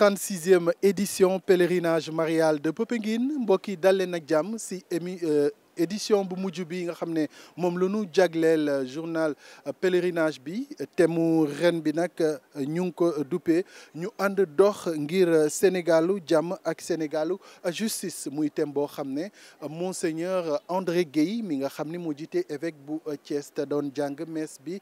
36e édition pèlerinage marial de Popenguine mbokk yi dal leen ak jàmm si émi euh, édition bu mujj bi nga xam ne moom la nu jagleel euh, journal euh, pèlerinage bi te mu ren bi nag euh, ñu ngi ko duppee ñu ànd dox ngir Sénégalu jàmm ak Sénégalu justice muy thème boo xam ne monseigneur André Guèye mi nga xam ni moo jite évêque bu Thiès te doon jàng mees bi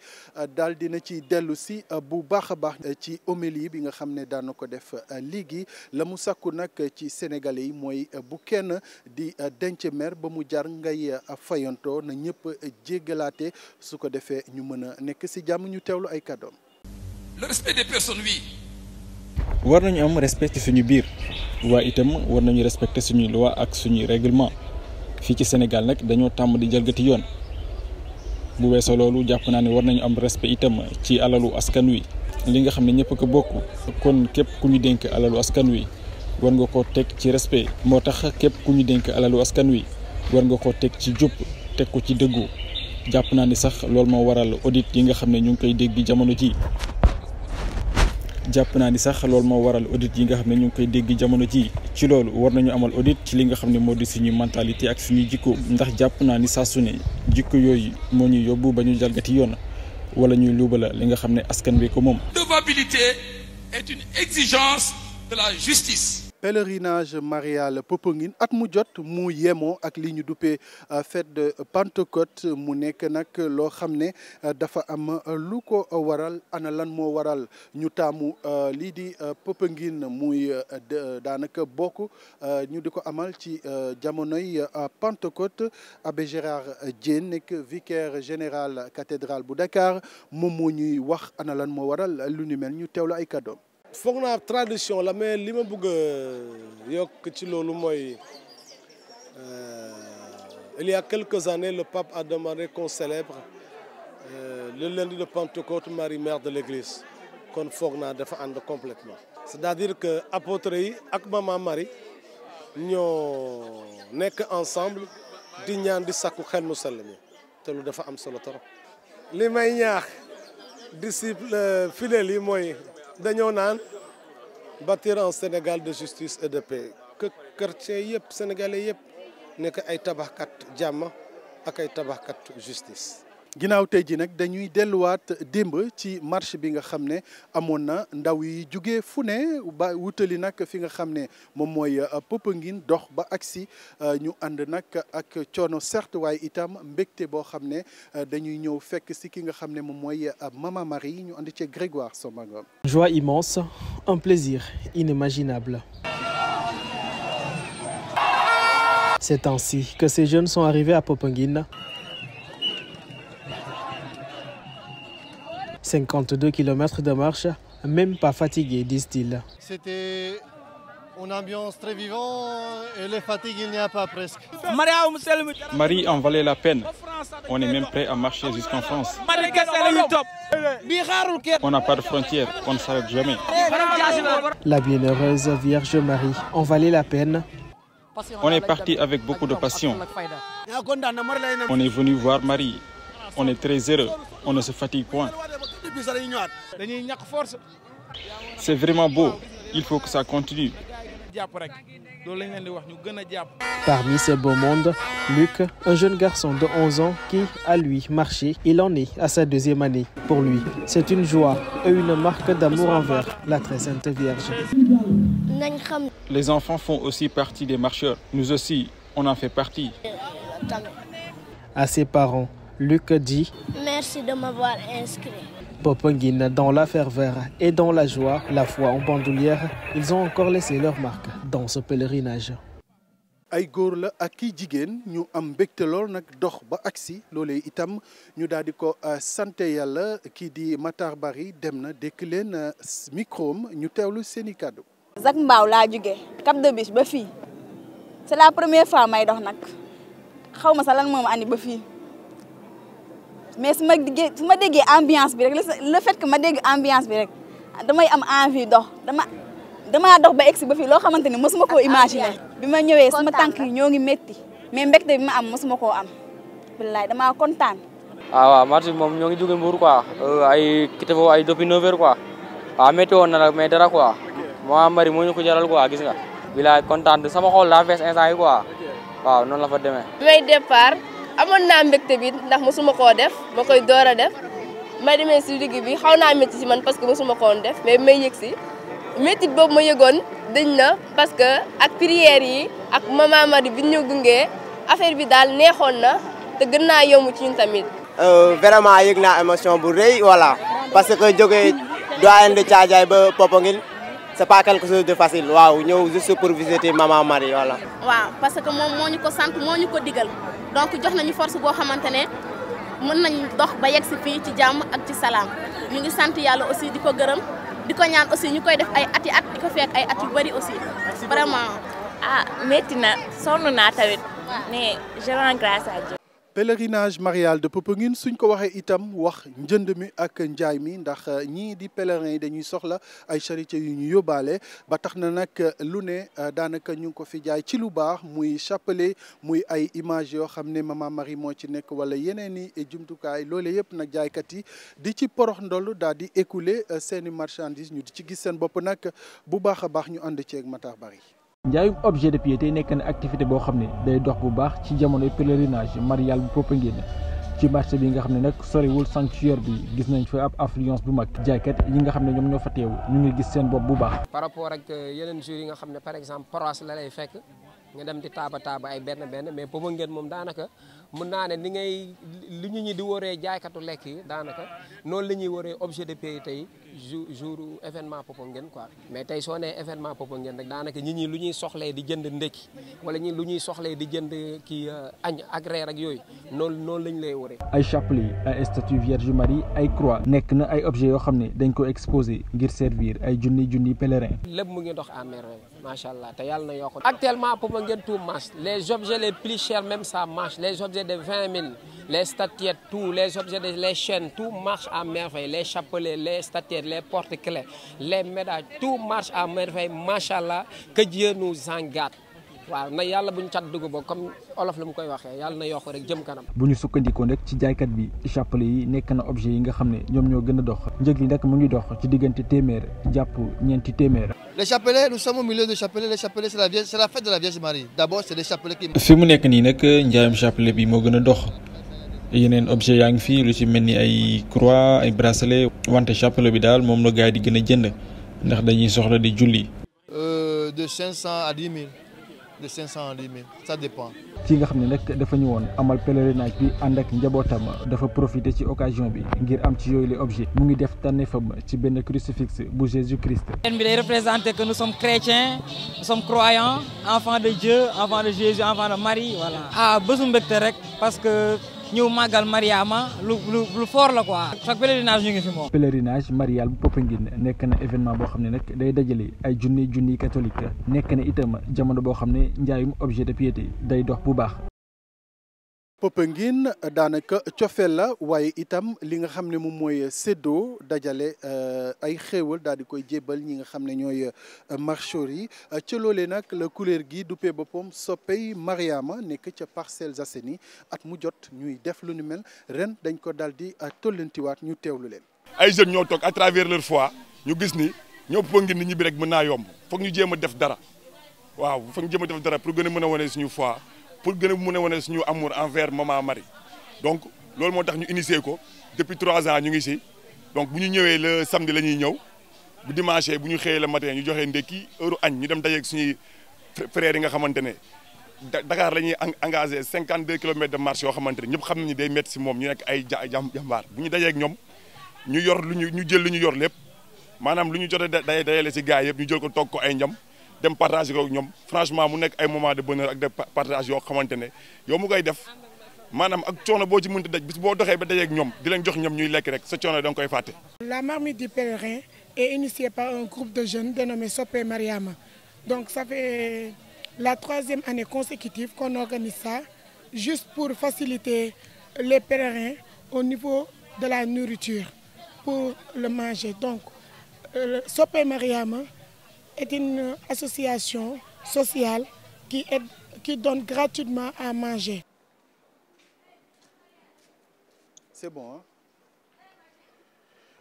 daal dina ci dellu si bu baax a baax ci homélie bi nga xam ne daan na ko def léegi la mu sakku nag ci sénégalais yi mooy bu kenn di denc mer ba mu jar ngay fayantoo na ñëpp jéggalaate su ko defee ñu mën a nekk ci jàmm ñu teewlu ay kàddoom. le war nañu am respect ci suñu biir waaye itam war nañu respecter suñuy loi ak suñuy réglement fii ci Sénégal nag dañoo tàmm di jalgati yoon bu weesoo loolu jàpp naa ne war nañu am respect itam ci alalu askan wi. li nga xam ne ñëpp ko bokk kon képp ku ñu dénk alalu askan wi war nga ko teg ci respect moo tax képp ku ñu dénk alalu askan wi. war nga ko teg ci jub teg ko ci dëggu jàpp naa ni sax loolu moo waral audit yi nga xam ne ñu ngi koy dégg jamono ji jàpp naa ni sax loolu moo waral audit yi nga xam ne ñu ngi koy dégg jamono ji ci loolu war nañu amal audit ci li nga xam ne moo di suñu mentalité ak suñu jikko ndax jàpp naa ni saa su jikko yooyu moo ñuy yóbbu ba ñu jalgati yoon wala ñuy luubala li nga xam ne askan bi ko moom. redevabilité est une exigence de la justice. pèlerinage marial ngin at mu jot mu yemoo ak li ñu dupe euh, fête de Pentecôte mu nekk nag loo xam ne euh, dafa am lu ko waral ana lan moo waral ñu taamu euh, lii di Popenguine muy daanaka bokk ñu di ko amal ci jamonoy Pentecôte abbé Gérard Diène nekk vicaire général cathédrale bu Dakar moom moo ñuy wax ana lan moo waral lu ni mel ñu teewlu ay kàddoom foog naa tradition la mais li ma bëgg yokk ci loolu mooy euh, il y quelques années le pape a demandé qu'on célèbre euh, le lundi de Pentecôte Marie mère de l'église kon foog naa dafa ànd complètement c'est-à-dire que apôtre yi ak maman Marie ñoo nekk ensemble di ñaan di sakku xel mu sell mi te lu dafa am solo torop li may ñaax disciple euh, fidèle yi mooy dañoo naan bâtir un Sénégal de justice et de paix que chrétien yëpp sénégalais yëpp nekk ay tabaxkat jàmm ak ay tabaxkat justice ginaaw tey ji nag dañuy delluwaat démb ci marché bi nga xam ne amoon na ndaw yi jóge fu ne ba wutali nag fi nga xam ne moom mooy euh, Popenguine dox ba agsi euh, ñu ànd nag ak coono certes waaye itam mbégte boo xam ne euh, dañuy ñëw fekk si ki nga xam ne moom mooy Mama Marie ñu ànd ci Grégoire Sombaga joie immense un plaisir inimaginable c'est ainsi que ces jeunes sont arrivés à Popenguine 52 km de marche, même pas fatigué, disent-ils. C'était une ambiance très vivante les fatigues, il a pas presque. Marie en valait la peine. On est même prêt à marcher jusqu'en On n'a pas de frontières, on ne s'arrête jamais. La bienheureuse Vierge Marie en valait la peine. On est parti avec on est très heureux on ne se fatigue vraiment beau il faut que ça continue Parmi ce beau monde, Luc, un jeune garçon de 11 ans qui, à lui, marché, il en est à sa deuxième année. Pour lui, c'est une joie et une marque d'amour envers la très sainte Vierge. Les enfants font aussi partie des marcheurs. Nous aussi, on en fait partie. Euh, à ses parents, Lucas dit Merci de m'avoir dans la ferveur et dans la joie, la foi en bandoulière, ils ont encore laissé leur marque dans ce pèlerinage. ay góor la ak kiy jigéen ñu am mbégte lool nag dox ba agsi loole itam ñu daal di ko euh, sant yàlla kii di Matar Bari dem na dékk leen euh, micro ñu teewlu seen kàddu. Zac Mbao laa jóge Cap de Biche ba fii c'est la première fois may dox nag xaw ma lan moom andi ba fii. mais su ma ma déggee ambiance birek la le fait ma dégg ambiance bi rek damay am envie dox dama damaa dox ba egsi ba fii loo xamante ni mosuma koo imaginer bi ma ñëwee sama tànk yi ñoo ngi métti mais mbégte bi ma am masuma koo am billaay damaa kontaan. ah waaw marché moom ñoo ngi jóge Mbour quoi euh, ay kii foofu ay depuis 9 heures quoi waaw ah, métti woon na nag mais dara quoi moo mari moo ñu ko jaral quoi gis nga. billaay kontaan sama xol la fees instant yi quoi waaw noonu la fa demee. amoon naa mbégte bi ndax mosuma koo def ma koy door a def may demee si liggéey bi xaw naa métti si man parce que mosuma koon def mais ma yëg si métti boobu ma yëgoon dañ na parce que ak prières yi ak maman Marie bi ñu gungee affaire bi daal neexoon na te naa yomb ci ñun tamit. Euh, vraiment yëg naa émotion bu rëy voilà parce que jógee doyen de Thiadiaye ba Popenguine c'est pas quelque chose de facile waaw ñëw juste pour visiter maman Marie voilà. waaw parce moom moo ñu ko sant moo donc jox nañu force boo xamante ne mën nañ dox ba yegg si fii ci jàmm ak ci salaam ñu ngi sant yàlla aussi di ko gërëm di ko ñaan aussi ñu koy def ay at yi at di ko fekk ay at yu bëri aussi vraiment ah métti na sonn naa tamit mais je rends grâce pèlerinage marial de Popenguine suñ ko waxee itam wax njënd mi ak njaay mi ndax euh, ñii di pèlerins yi dañuy soxla ay charité yu ñu yóbbaale ba tax na nag euh, lu ne euh, daanaka ñu ngi ko fi jaay ci lu baax muy chapelet muy ay image yoo xam ne Maman Marie moo ci nekk wala yeneen i jumtukaay loole yëpp nag jaaykat yi di ci porox ndoll daal di écouler seeni marchandise ñu di ci gis seen bopp nag bu baax a baax ñu ànd ceeg Matar Bari njaayum objet de piété nekk na activité boo xam ne day dox bu baax ci jamonoy pèlerinage marial bu Popenguine ci marché bi nga xam ne nag soriwul sanctuaire bi gis nañ fa ab affluence bu mag jaaykat yi nga xam ne ñoom ñoo fa teew ñu ngi gis seen bopp bu baax. par rapport ak euh, yeneen jours yi xam ne par exemple paroisse la lay fekk nga dem di taaba taaba ay benn benn mais ngeen moom daanaka mun naa ne ni ngay li ñu ñi di wóoree jaaykatu lekk yi daanaka noonu la ñuy wóoree objet de piété yi. jour jour événement Popenguine quoi mais tey soo nee événement Popenguine rek daanaka nit ñi lu ñuy soxlee di jënd ndékki wala ñi lu ñuy soxlee di jënd kii euh, añ ak yooyu noonu lañ lay waree. ay chapelet ay statue Vierge Marie ay croix nekk na ay objets yoo xam ne dañ ko exposé ngir servir ay junni junni pèlerin lépp mu ngi dox à merveille macha allah te yàlla na yokk. actuellement Popenguine tout marche les objets les plus chers même ça marche les objets de vingt les statuettes, tous les objets, les chaînes, tout marche à merveille. Les chapelets, le statuettes, les porte-clés, les médailles, tout marche à merveille. Machallah, que Dieu nous en garde. waaw na yàlla bu ñu cat dugg ba comme olof la mu koy waxee yàlla na yokk rek jëm kanam. bu ñu sukkandikoon rek ci jaaykat bi chapelet yi nekk na objet yi nga xam ne ñoom ñoo gën a dox njëg yi nag mu ngi dox ci diggante téeméer jàpp ñeenti téeméer. les chapelets nous sommes au milieu de chapelets les chapelets c'est la vierge c'est la fête de la fi mu nekk nii nag njaayam chapelet bi moo gën a dox. yeneen objet yaa ngi fi lu ci mel ni ay croix ay bracelet wante chapelet bi daal moom la gars yi di gën a jënd ndax dañuy soxla di julli. Euh, de cinq cent à dix mille cent à dix mille ça ki nga xam ne nag dafa ñu woon amal pèlerinage bi ànd ak njabootam dafa profiter ci occasion bi ngir am ci yooyu les objets mu ngi def tànneefam ci benn crucifix bu Jésus Christ. bi day représenté que nous sommes chrétiens nous sommes croyants enfants de Dieu enfants de Jésus enfants de Marie voilà. ah bésu rek parce que. ñëw màggal Mariama lu lu lu fort la quoi. chaque pèlerinage ñu ngi fi moom. pèlerinage Marial bu Popenguine nekk na événement boo xam ne nag day dajale ay junni junni catholique nekk na itam jamono boo xam ne njaayum objet de piété day dox bu baax. Popenguine daanaka cofeel la waaye itam li nga xam ne moom mooy seddoo dajale euh, ay xéewal daal di koy jébbal ñi nga xam ne ñooy euh, marcheurs yi ca loole nag la couleur gi duppee boppam soppey Mariama nekk ca Parcelles Assainies at mu jot ñuy def lu ni mel ren dañ ko daal di euh, tollantiwaat ñu teewlu leen. ay jeunes ñoo toog à travers leur foi ñu gis ni ñoo Popenguine nit ñi bi rek mën naa yomb foog ñu jéem a def dara waaw foog ñu jéem def dara pour gën a mën a wane suñu foi. pour gën a mun a wane suñu amour envers maman Marie donc loolu moo tax ñu initier ko depuis trois ans ñu ngi si donc bu ñu ñëwee le samedi la ñuy ñëw bu dimanche bu ñu xëyee la matin ñu joxe ndekki heure añ ñu dem dajeeg suñuy frères yi nga xamante ne Dakar la ñuy engagé cinquante deux kilomètres de marché yoo xamante ne ñëpp xam nañu day métti si moom ñu nekk ay jàmbaar bu ñu dajeek ñoom ñu yor lu ñu ñu jël lu ñu yor lépp maanaam lu ñu jot a dajale si gars yëpp ñu jël ko toog ko ay ñam. dem partage ko ñoom franchement mu nekk ay moment de bonheur ak de partage yoo xamante ne yow mu koy def maanaam ak coono boo ci mënta daj bis boo doxee ba dajeeg ñoom di leen jox ñoom ñuy lekk rek sa coono da nga koy fàtte. La marmite du pèlerin est initiée par un groupe de jeunes dénommé Sopé Mariama donc ça la troisième année consécutive qu'on organise ça juste pour faciliter les pèlerins au niveau de la nourriture pour le manger donc euh, Sopé Mariama est une association sociale qui, aide, qui donne gratuitement à manger. C'est bon, hein?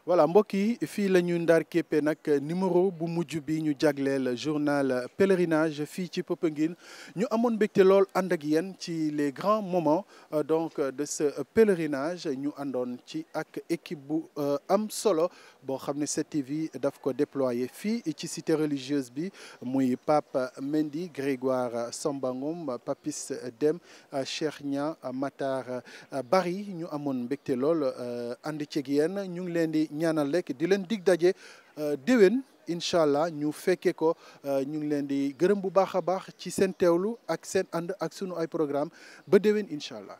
voilà mbokk yi fii la ñu ndaar képpe nag numéro bu mujj bi ñu jagleel journal pèlerinage fii ci Popenguine ñu amoon mbégte lool ànd ak yéen ci les grands moments euh, donc de ce pèlerinage ñu àndoon ci ak équipe bu euh, am solo boo xam ne 7TV daf ko déployé fii ci cité religieuse bi muy Pape Mendy Grégoire Sambangom Papis Dem Cheikh Nia Matar Bari ñu amoon mbégte lool euh, ànd ceeg yéen ñu ngi leen ñaanal lekk di leen dig daje euh, déwén incha allah ñu fekkee ko euh, ñu ngi leen di gërëm bu baax a baax ci seen teewlu ak seen ànd ak sunu ay programme ba déwén incha allah.